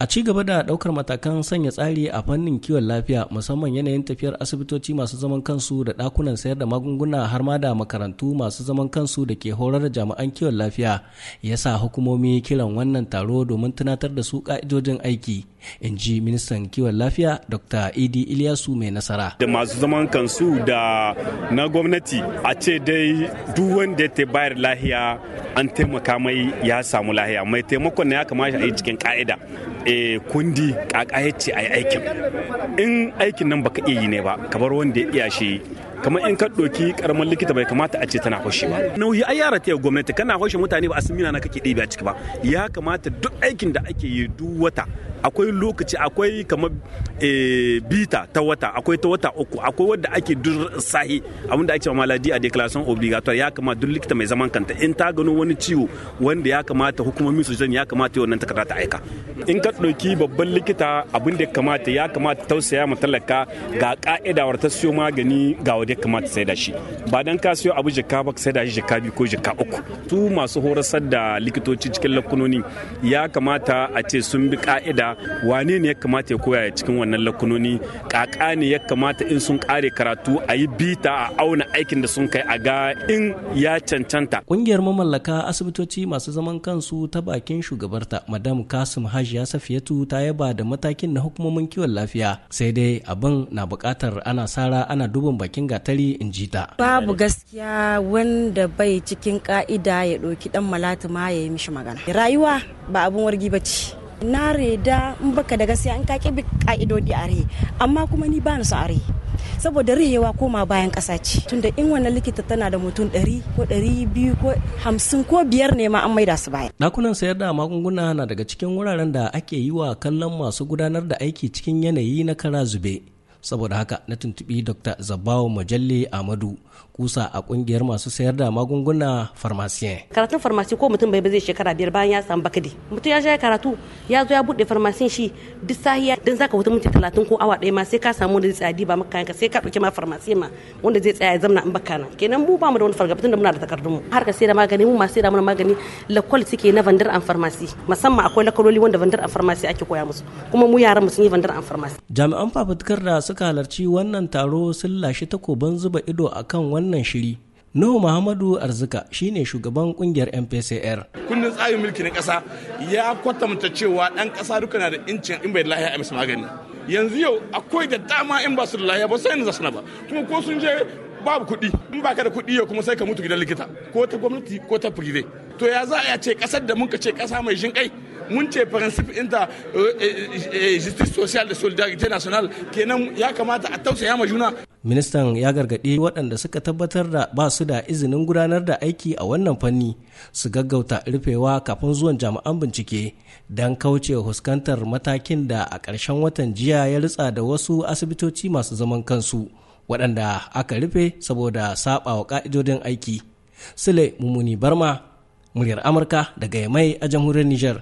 A ci gaba da daukar matakan sanya tsari a fannin kiwon lafiya musamman yanayin tafiyar asibitoci masu zaman kansu da dakunan sayar da magunguna har ma da makarantu masu zaman kansu da ke horar da jami'an kiwon lafiya ya sa hukumomi kiran wannan taro domin tunatar da su ƙa'idojin aiki. in ji ministan kiwon lafiya dr idi iliyasu mai nasara da masu zaman kansu da na gwamnati a ce dai duk wanda ya bayar lahiya an taimaka mai ya samu lahiya mai taimakon na ya kamata a yi cikin ka'ida e eh, kundi kakaye ce a yi aikin in aikin nan baka iya yi ne ba kamar wanda ya iya shi kamar in ka ɗoki karamar likita bai kamata a ce tana haushi ba nauyi ai yara ta gwamnati kana haushe mutane ba a mina na kake ɗebe a ciki ba ya kamata duk aikin da ake yi duk wata akwai lokaci akwai kamar eh, bita ta wata akwai ta wata uku akwai wadda ake dur sahi abinda ake maladi a declaration obligatoire ya kamata duk likita mai zaman kanta in ta gano wani ciwo wanda ya kamata hukumomi su ya kamata wannan takarda ta aika in ka dauki babban likita abin da ya kamata ya kamata tausaya ma talaka ga ka'ida war ta siyo magani ga wanda ya kamata sai da shi ba dan ka siyo abu jaka ba sai da shi jaka biyu ko jaka uku su masu horasar da likitoci cikin lakunoni ya kamata a ce sun bi ka'ida wanene wane ne ya kamata ya koya cikin wannan lakunoni kaka ne ya kamata in sun kare karatu a yi bita a auna aikin da sun kai a ga in ya cancanta kungiyar mamallaka asibitoci masu zaman kansu ta bakin shugabarta madam kasim ya safiyatu ta yaba da matakin na hukumomin kiwon lafiya sai dai abin na bukatar ana sara ana duban bakin gatari in ji ta babu gaskiya wanda bai cikin ka'ida ya ɗauki dan malatu ma ya yi mishi magana rayuwa ba abin wargi ba ce na reda in baka da gaskiya in ka bi ka'idodi a rihe amma kuma ni ba son a rihe saboda rihewa koma bayan ƙasa ce tunda in wannan likita tana da mutum ɗari ko ɗari biyu ko hamsin ko biyar ne ma an maida su baya. Dakunan sayar da magunguna na daga cikin wuraren da ake yi wa kallon masu gudanar da aiki cikin yanayi na kara zube. saboda haka na tuntubi dr zabawo majalle amadu kusa a kungiyar masu sayar da magunguna farmasiyan karatun farmasi ko mutum bai zai shekara biyar bayan ya samu bakadi mutum ya sha karatu ya zo ya bude farmasin shi duk sahiya dan zaka wuta minti talatin ko awa ɗaya ma sai ka samu wanda zai tsaya ba maka kayanka sai ka ɗauki ma farmasi ma wanda zai tsaya ya zamna in baka nan kenan mu ba mu da wani fargaba tunda muna da takardun mu har ka sai da magani mu ma sai da mana magani lakwal suke na vendor an farmasi musamman akwai lakaroli wanda vendor an farmasi ake koya musu kuma mu yaran mu sun yi vendor an farmasi jami'an fafutukar da suka suka halarci wannan taro sun lashe takoban zuba ido a kan wannan shiri Nuhu Muhammadu Arzika shine shugaban kungiyar MPCR. Kundin tsarin mulki na ƙasa ya kwatanta cewa ɗan ƙasa duka na da incin in bai lahiya a magani. Yanzu yau akwai da dama in ba su da lahiya ba sai yanzu zasu na ba. Kuma ko sun je babu kuɗi in ba ka da kuɗi yau kuma sai ka mutu gidan likita ko ta gwamnati ko ta firire To ya za a ce ƙasar da muka ce ƙasa mai shinkai mun ce principe inda euh, justice social da solidarité national kenan ya kamata a tausaya ma juna ministan ya gargaɗi waɗanda suka tabbatar da ba su da izinin gudanar da aiki a wannan fanni su gaggauta rufewa kafin zuwan jami'an bincike don kauce huskantar matakin da a ƙarshen watan jiya ya ritsa da wasu asibitoci masu zaman kansu waɗanda aka rufe saboda saɓawa wa ƙa'idodin aiki sule mummuni barma muryar amurka daga yamai a jamhuriyar niger